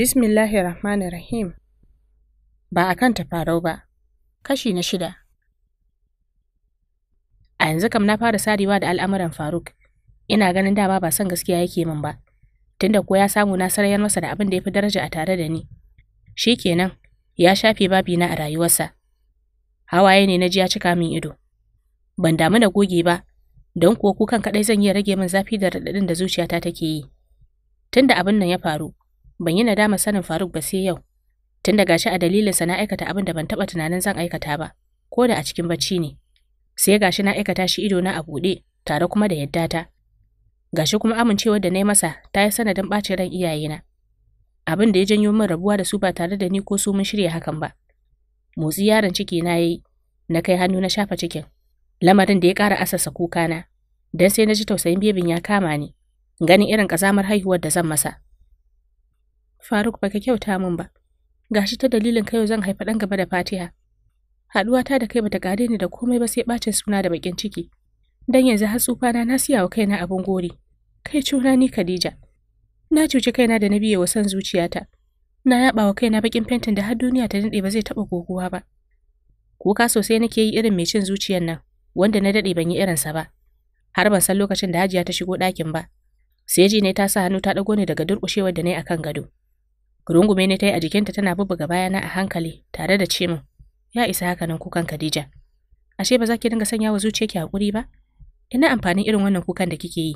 Bismillahi Rahmanir Rahim. Ba a kan tafarau ba. Kashi na shida. A yanzu kam na fara sarewa da al'amuran Faruk. Ina ganin dama ba son gaskiya yake min ba. Tunda ko ya samu na sarayar masa da abin da ya fi daraja a tare da ni. Shi kenan, ya shafe babina a rayuwarsa. Hawaye ne na ji ya cika min ido. Ban damu da goge ba, don kuwa kukan kaɗai zan iya rage min zafi da raɗaɗin da zuciyata take yi. Tunda abin nan ya faru, ban yi nadama sanin Faruk ba sai yau. Tun da gashi a dalilin sa na aikata abin da ban taɓa tunanin zan aikata ba, ko da a cikin bacci ne. Sai gashi na aikata shi ido na a buɗe, tare kuma da yadda ta. Gashi kuma amincewar da na yi masa ta yi sanadin ɓacin ran iyayena. Abin da ya janyo min rabuwa da su ba tare da ni ko su mun shirya hakan ba. Motsi yaron ciki na yi. na kai hannu na shafa cikin. Lamarin da ya ƙara asasa kukana, don sai na ji tausayin bebin ya kama ni, ganin irin ƙazamar haihuwar da zan masa. Faruk baka kyauta min ba. Ga shi ta dalilin kai zan haifa ɗan gaba da Fatiha. Haɗuwa ta da kai bata kare ni da komai ba sai ɓacin suna da bakin ciki. Dan yanzu har tsufana na siya wa kaina abin gori. Kai cuna ni Khadija. Na cuci kaina da na biye wa son zuciyata. Na yaba wa kaina bakin fentin da har duniya ta daɗe ba zai taɓa goguwa ba. Kuka sosai nake yi irin mai cin zuciyan nan, wanda na daɗe ban yi irinsa ba. Har ban san lokacin da Hajiya ta shigo ɗakin ba. Sai ji ne ta sa hannu ta ɗago ni daga durƙushewar da na yi akan gado. Rungume ne ta yi a jikinta tana bubbuga bayana a hankali tare da ce min, ya isa haka nan kukan Khadija. Ashe ba za ki dinga sanya wa zuciyarki hakuri ba? Ina amfanin irin wannan kukan da kike yi?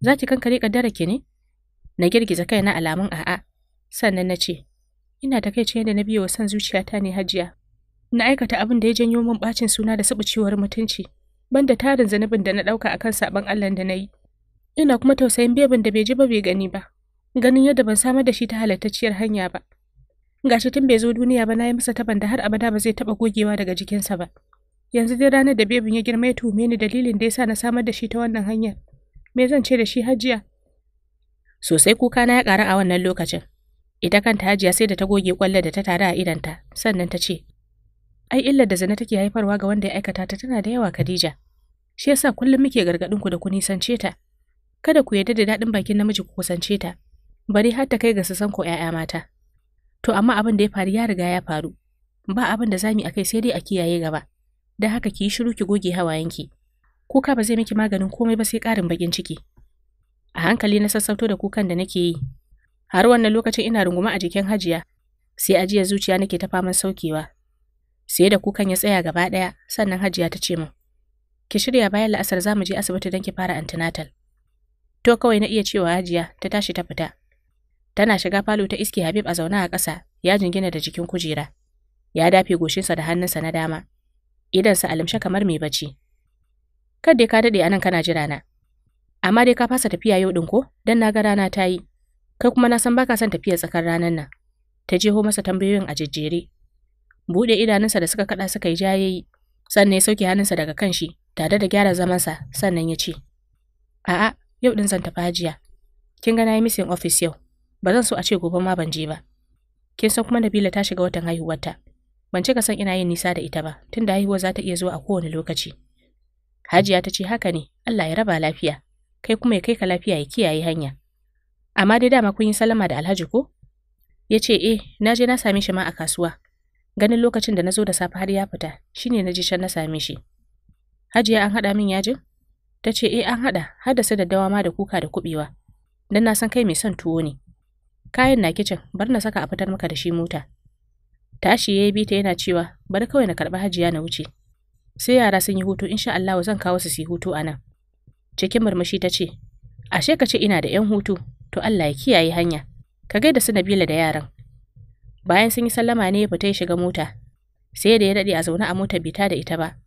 Za ki kankare dare ki ne? Na girgiza kaina alamun a'a. Sannan na ce, ina ta takaicin yadda na biyo wa san zuciyata ne hajiya. Na aikata abin da ya janyo min bacin suna da sabucewar mutunci, banda tarin zanubin da na ɗauka akan saban Allah da na yi. Ina kuma tausayin bebin da bai ji ba bai gani ba. ganin yadda ban samar da shi ta halittacciyar hanya ba. Ga shi tun bai zo duniya ba na yi masa taban da har abada ba zai taɓa gogewa daga jikinsa ba. Yanzu dai ranar da bebin ya girma ya tume ni dalilin da ya sa na samar da shi ta wannan hanyar. Me zan ce da shi hajiya? Sosai kuka na ya ƙara a wannan lokacin. Ita kanta hajiya sai da ta goge kwallo da ta tare a idanta, sannan ta ce, Ai illar da zina take haifarwa ga wanda ya aikata ta tana da yawa Kadija. Shi yasa kullum muke gargaɗin ku da ku nisance ta. Kada ku yarda da daɗin bakin namiji ku kusance ta, bari har ta kai ga su san ko 'ya'ya mata. To amma abin da ya faru ya riga ya faru, ba abin da zamu akai sai dai a kiyaye gaba, don haka ki yi shiru ki goge hawayenki. Kuka ba zai miki maganin komai ba sai ƙarin baƙin ciki. A hankali na sassauto da kukan da nake yi, har wannan lokacin ina runguma a jikin hajiya, sai ajiyar zuciya nake ta faman saukewa. Sai da kukan ya tsaya gaba ɗaya, sannan hajiya ta ce min, ki shirya bayan la'asar za mu je asibiti don ki fara antenatal. To kawai na iya cewa hajiya ta tashi ta fita. Tana shiga falo ta iski Habib a zaune a ƙasa, ya jingina da jikin kujera. Ya dafe goshinsa da hannunsa na dama. Idansa alimshe kamar mai bacci. dai ka daɗe anan kana jira na. Amma dai ka fasa tafiya yau ɗin ko? Dan na ga rana ta yi. Kai kuma na san baka son tafiya tsakar ranan nan. Ta jeho masa tambayoyin a jejjere. Buɗe idanunsa da suka kaɗa suka yi jayayi. Sannan ya sauke hannunsa daga kan shi, tare da gyara zamansa, sannan ya ce. A'a, yau ɗin zan tafi hajiya. Kin ga na yi misin ofis yau. ba zan so a ce gobe ma ban je ba. Kin san kuma Nabila ta shiga watan haihuwarta. Ban cika san ina yin nisa da ita ba, tunda haihuwa za ta iya zuwa a kowane lokaci. Hajiya ta ce haka ne, Allah ya raba lafiya, kai kuma ya kai ka lafiya ya kiyaye hanya. Amma dai dama kun yi salama da Alhaji ko? Ya ce, eh, na je na same shi ma a kasuwa. Ganin lokacin da na zo da safe har ya fita, shine na je can na same shi. Hajiya an haɗa min yajin? Ta ce, eh an haɗa, har da su daddawa ma da kuka da kuɓewa. Dan na san kai mai son tuwo ne. Kayan na kicin, bar na saka a fitar maka da shi mota. Tashi ya bi ta yana cewa, bar kawai na karɓi hajiya na wuce. Sai yara sun yi hutu, insha Allah zan kawo su su hutu anan. Cikin murmushi ta ce, ashe ka ce ina da 'yan hutu, to Allah ya kiyaye hanya. Ka da su Nabila da yaran. Bayan sun yi sallama ne ya fita ya shiga mota. Sai da ya daɗe a zaune a mota bita da ita ba.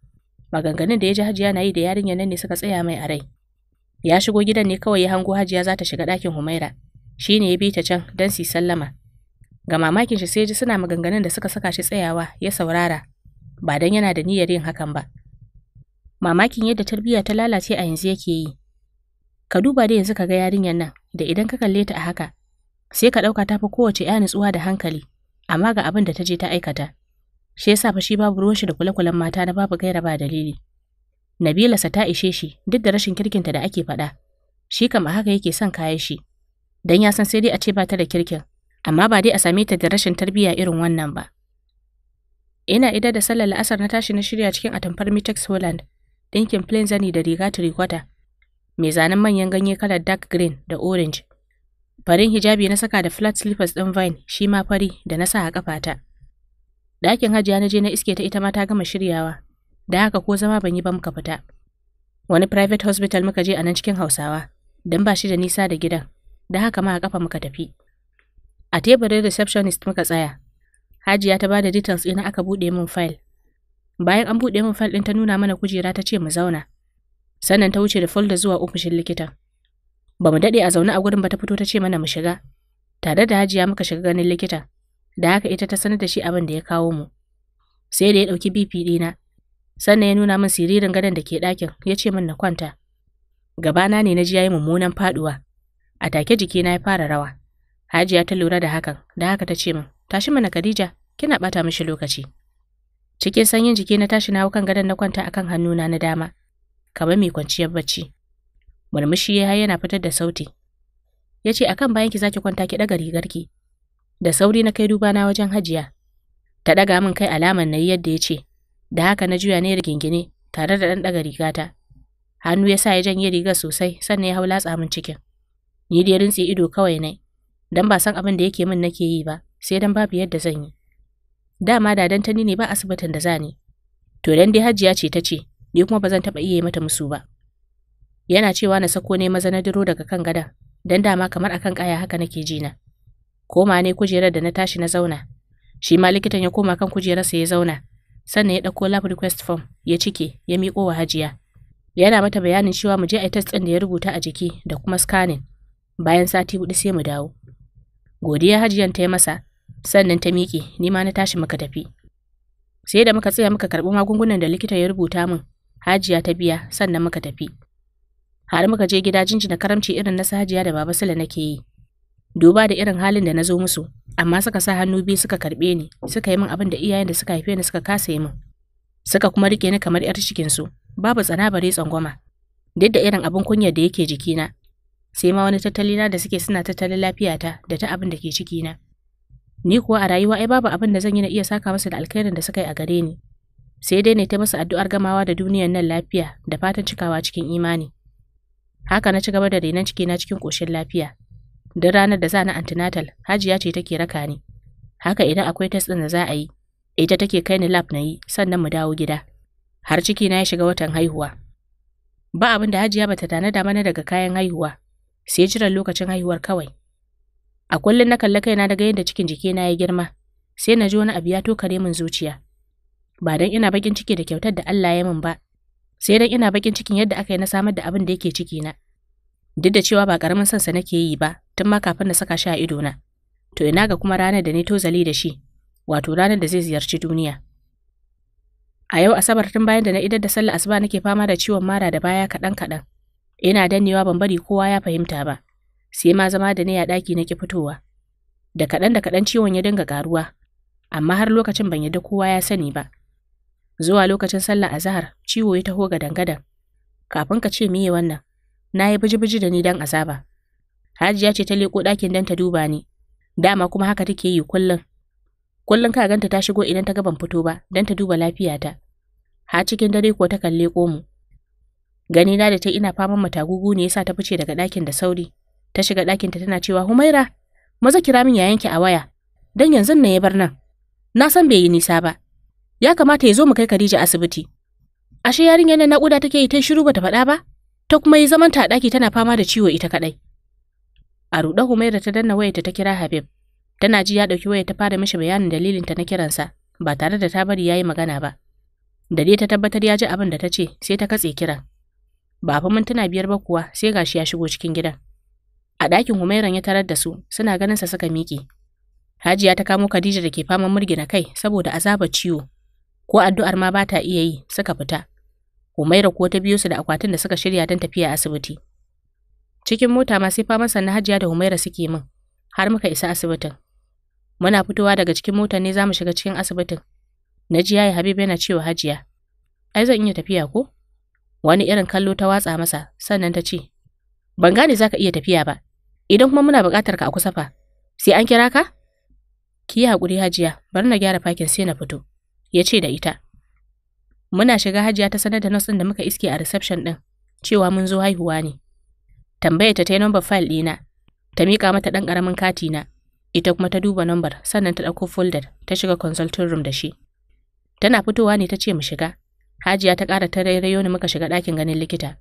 Maganganun da ya ji hajiya na yi da yarinyar nan ne suka tsaya mai a rai. Ya shigo gidan ne kawai ya hango hajiya za ta shiga ɗakin Humaira. shi ne ya bi ta can don su sallama. Ga mamakin shi sai ji suna maganganun da suka saka shi tsayawa ya saurara, ba don yana da niyyar yin hakan ba. Mamakin yadda tarbiyya ta lalace a yanzu yake yi. Ka duba da yanzu ka ga yarinyar nan, da idan ka kalle ta a haka, sai ka ɗauka ta fi kowace ya nutsuwa da hankali, amma ga abin da ta je ta aikata. Shi yasa fa shi babu ruwan shi da kule-kulen mata na babu gaira ba dalili. Nabila sa ta ishe shi duk da rashin kirkinta da ake faɗa. Shi kam a haka yake son kayan shi. don ya san sai dai a ce ba ta da kirkin, amma ba dai a same ta da rashin tarbiyya irin wannan ba. Ina ida da sallar la'asar na tashi na shirya cikin atamfar Mitex Holland, ɗinkin plain zani da riga turikwata, mai zanen manyan ganye kalar dark green da orange. Farin hijabi na saka da flat slippers ɗin vine shi ma fari da na sa a ta. Ɗakin hajiya na je na iske ta ita ma ta gama shiryawa, da haka ko zama ban yi ba muka fita. Wani private hospital muka je a nan cikin Hausawa, don ba shi da nisa da gidan. da haka ma a kafa muka tafi. A teburin receptionist muka tsaya. Hajiya ta bada details ina aka buɗe min fayil. Bayan an buɗe min file ɗin ta nuna mana kujera ta ce mu zauna. Sannan ta wuce da folder zuwa ofishin likitan. Ba mu daɗe a zaune a gurin ba ta fito ta ce mana mu shiga. Tare da Hajiya muka shiga ganin likitan. Da haka ita ta sanar da shi abin da ya kawo mu. Sai da ya ɗauki BP ɗina. Sannan ya nuna min siririn gadon da ke ɗakin ya ce min na kwanta. Gabana ne na ji ya yi mummunan faɗuwa. A take jikina ya fara rawa. Hajiya ta lura da hakan, da haka ta ce min, tashi mana Khadija, kina bata mishi lokaci. Cikin sanyin jiki na tashi na kan gadon na kwanta akan hannuna na dama, kamar mai kwanciyar bacci. Murmushi ya yana fitar da sauti. Ya ce akan bayan ki zaki kwanta ki ɗaga rigarki. Da sauri na kai duba na wajen Hajiya. Ta daga min kai alamar na yi yadda ya ce, da haka na juya na ne rigingine tare da ɗan ɗaga rigata. Hannu ya sa ya janye riga sosai sannan ya hau latsa min cikin. Ni dai rintse ido kawai ne, dan ba san abin da yake min nake yi ba, sai dan babu yadda zan yi. Dama da dan tani ne ba asibitin da zani. To dan dai Hajiya ce ta ce, ni kuma ba zan taɓa iya yi mata musu ba. Yana cewa na sako ne maza na diro daga kan gadan, dan dama kamar akan kaya haka nake jina. Koma ne kujerar da na tashi na zauna. Shi ma likitan ya koma kan kujerarsa ya zauna, sannan ya dauko lab request form ya cike ya miƙo wa Hajiya. Yana mata bayanin cewa mu je a test ɗin da ya rubuta a jiki da kuma scanning. bayan sati hudu sai mu dawo godiya hajiyan ta yi masa sannan ta miƙe ni ma na tashi muka tafi sai da muka tsaya muka karɓi magungunan da likita ya rubuta min hajiya ta biya sannan muka tafi har muka je gida jinjina karamci irin na hajiya da baba sula nake yi duba da irin halin da na zo musu amma suka sa hannu biyu suka karɓe ni suka yi min abin da iyayen da suka haife ni suka kasa yi min suka kuma rike ni kamar yar cikinsu babu tsana bare tsangwama duk da irin abin kunya da yake jikina sai ma wani tattali na da suke suna tattalin lafiyata da ta abin da ke ciki na. Ni kuwa a rayuwa ai babu abin da zan yi na iya saka masa da alkhairin da suka yi a gare ni. Sai dai ne ta masa addu'ar gamawa da duniyar nan lafiya da fatan cikawa cikin imani. Haka na ci gaba da renon ciki na cikin ƙoshin lafiya. Duk ranar da za na antenatal, Hajiya ce take raka ni. Haka idan akwai test ɗin da za a yi, ita take kai ni lab na yi, sannan mu dawo gida. Har ciki na ya shiga watan haihuwa. Ba abin da Hajiya bata da mana daga kayan haihuwa, sai jiran lokacin haihuwar kawai. A kullum na kalli kaina daga yadda cikin jikina ya girma, sai na ji wani abu ya tokare min zuciya. Ba don ina bakin ciki da kyautar da Allah ya min ba, sai don ina bakin cikin yadda aka yi na samar da abin da yake cikina. Duk da cewa ba ƙaramin sansa nake yi ba, tun ma kafin na saka shi a idona. To ina ga kuma ranar da ni tozali da shi, wato ranar da zai ziyarci duniya. A yau Asabar tun bayan da na idar da sallah asuba nake fama da ciwon mara da baya kaɗan-kaɗan. Ina dannewa ban bari kowa ya fahimta ba, sai ma zama da ni a na ki fitowa. Da kaɗan da kaɗan ciwon ya dinga ƙaruwa, amma har lokacin ban yadda kowa ya sani ba. Zuwa lokacin sallah azahar ciwo ya taho ga dangadan Kafin ka ce miye wannan, na yi biji-biji da ni don azaba. Hajiya ce ta leƙo ɗakin don ta duba ni, dama kuma haka take yi kullum. Kullum ka ganta ta shigo idan ta ga ban fito ba don ta duba lafiyata. Har cikin dare ko ta kalle mu. Gani na da ta ina faman matagugu ne yasa ta fice daga ɗakin da sauri. Ta shiga ɗakinta tana cewa Humaira, maza kira min yayanki a waya, Dan yanzu ne ya bar nan. Na san bai yi nisa ba. Ya kamata ya zo mu kai Khadija asibiti. Ashe yarinyar nan naƙuda take yi ta shiru bata faɗa ba? Ta kuma yi zaman ta a ɗaki tana fama da ciwo ita kaɗai. A ruɗe Humaira ta danna wayarta ta kira Habib. Tana ji ya ɗauki wayar ta fara mishi bayanin dalilin ta na kiransa, ba tare da ta bari ya yi magana ba. Da ta tabbatar ya ji abin da ta ce, sai ta katse kiran. Ba fa mintuna biyar ba kuwa sai gashi ya shigo cikin gidan. A ɗakin Humairan ya tarar da su, suna ganin sa suka miƙe. Hajiya ta kamo Khadija da ke faman murgina kai saboda azabar ciwo. Ko addu'ar ma ba ta iya yi, suka fita. Humaira kuwa ta biyo su da akwatin da suka shirya don tafiya asibiti. Cikin mota ma sai faman sannan Hajiya da Humaira suke min, har muka isa asibitin. Muna fitowa daga cikin motar ne za mu shiga cikin asibitin. Na ji yayi Habiba yana cewa Hajiya, ai zan iya tafiya ko? wani irin kallo ta watsa masa sannan ta ce ban gane zaka iya tafiya ba idan kuma muna buƙatar ka a kusa fa sai an kira ka ki yi haƙuri hajiya bari na gyara fakin sai na fito ya ce da ita muna shiga hajiya ta sanar da nas ɗin da muka iske a reception ɗin cewa mun zo haihuwa ne tambaya ta ta yi number file ɗina ta mika mata ɗan karamin kati na ita kuma ta duba number sannan ta ɗauko folder ta shiga consulting room da shi tana fitowa ne ta ce mu shiga Hajiya ta ƙara rairayo ni muka shiga ɗakin ganin likita.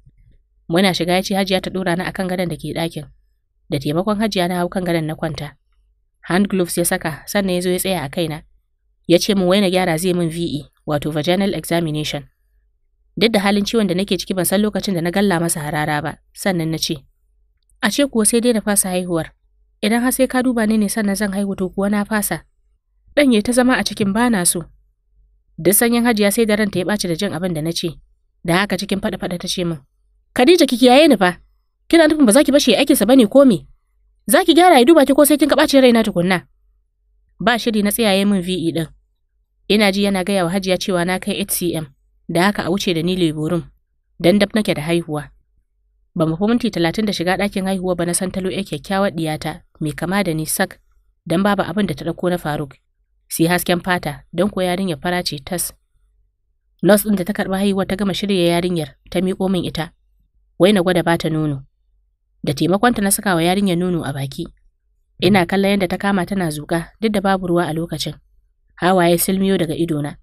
Muna shiga ya ce Hajiya ta ɗora ni akan gadon da ke ɗakin. Da taimakon Hajiya na hau kan gadon na kwanta. Hand gloves ya saka sannan ya zo ya tsaya a kaina. Ya ce min waina gyara zai min VE wato vaginal examination. Duk da halin ciwon da nake ciki ban san lokacin da na galla masa harara ba, sannan na ce, A ce kuwa sai dai na fasa haihuwar, idan har sai ka duba ni ne sannan zan haihu to kuwa na fasa. Ɗan ya ta zama a cikin bana so, Duk sanyin hajiya sai da ranta ya ɓaci da jin abin da na ce. Da haka cikin faɗa-faɗa ta ce min. Khadija kiki yaye ni fa. Kina nufin ba za ki bashi ya aikinsa bane ko me? Za ki gyara ya duba ki ko sai kin ka rai raina tukunna. Ba shiri na tsayaye min VE ɗin. Ina ji yana gaya hajiya cewa na kai HCM. Da haka a wuce da ni leburum. Dan dab nake da haihuwa. Ba mu fi minti talatin da shiga ɗakin haihuwa ba na san talo ya kyakkyawar ɗiyata mai kama da ni sak dan babu abin da ta ɗauko na Faruk. su hasken fata don ko yarinyar fara ce tas. Nos ɗin da ta karɓi haihuwa ta gama shirya yarinyar ta miƙo min ita. Wai na gwada bata nono. Da taimakonta na saka wa yarinyar nono a baki. Ina kallon yadda ta kama tana zuƙa duk da babu ruwa a lokacin. Hawaye silmiyo daga idona.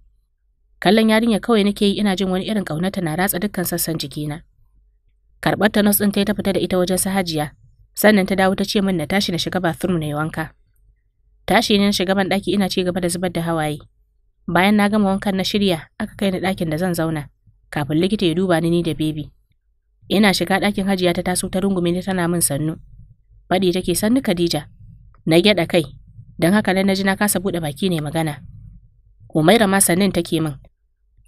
Kallon yarinyar kawai nake yi ina jin wani irin ƙaunata na ratsa dukkan sassan jikina. Karɓar ta nos ɗin ta ta fita da ita wajen sahajiya. Sannan ta dawo ta ce min na tashi na shiga bathroom na yi wanka. Tashi ne na shiga ban ɗaki ina ci gaba da zubar da hawaye. Bayan na gama wankan na shirya, aka kai ni ɗakin da zan zauna, kafin likita ya duba ni ni da bebi. Ina shiga ɗakin hajiya ta taso ta rungume ni tana min sannu. Faɗi take sannu Khadija. Na gyaɗa kai, don haka nan na ji na kasa buɗe baki ne magana. Umaira ma sannin take min.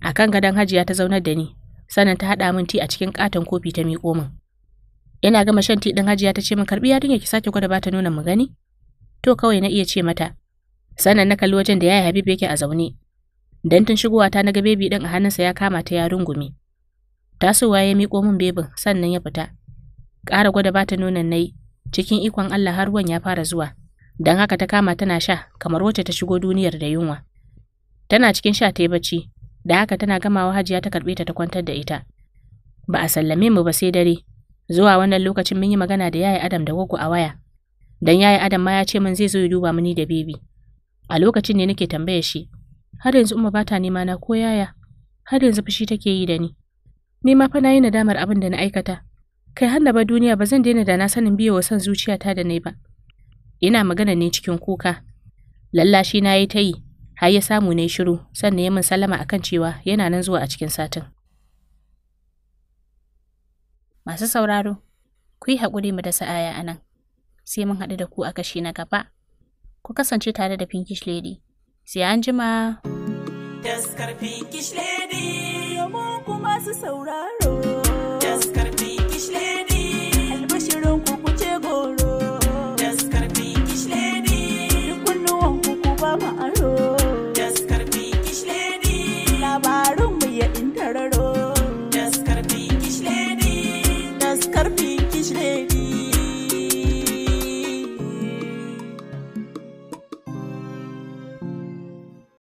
Akan kan gadon hajiya ta zaunar da ni, sannan ta haɗa min ti a cikin ƙaton kofi ta miƙo min. Ina gama shan ti ɗin hajiya ta ce min karɓi yarinya ki sake gwada bata nuna mu gani. to kawai na iya ce mata. Sannan na kalli wajen da yayi Habib yake a zaune. Dan tun shigowa ta naga bebi din a hannunsa ya kama ta ya rungume. Tasowa ya miƙo min bebin sannan ya fita. Ƙara gwada ba ta nonon nayi cikin ikon Allah har ruwan ya fara zuwa. Dan haka ta kama tana sha kamar wacce ta shigo duniyar da yunwa. Tana cikin sha ta yi bacci, da haka tana gamawa hajiya ta karɓe ta ta kwantar da ita. Ba a sallame mu ba sai dare, zuwa wannan lokacin mun yi magana da yayi Adam da Gogo a waya, Dan yayi Adam ma ya ce min zai zo ya duba mini da baby. A lokacin ne nake tambayar shi, har yanzu Umma bata nema na ko yaya? Har yanzu fushi take yi da ni. Ni ma fa nayi nadamar abin da na aikata. Kai har ba duniya ba zan daina da na sanin biyewa zuciya zuciyata da nai ba. Ina magana ne cikin kuka. Lallashi na yi ta yi, har ya samu na shiru sannan ya min sallama akan cewa yana nan zuwa a cikin satin. Masu sauraro, ku yi haƙuri mu da sa'aya anan. sai mun haɗu da ku a kashi na gaba. Ku kasance tare da Pinkish Lady. Sai an jima. Daskar Pinkish Lady, kuma su sauraro.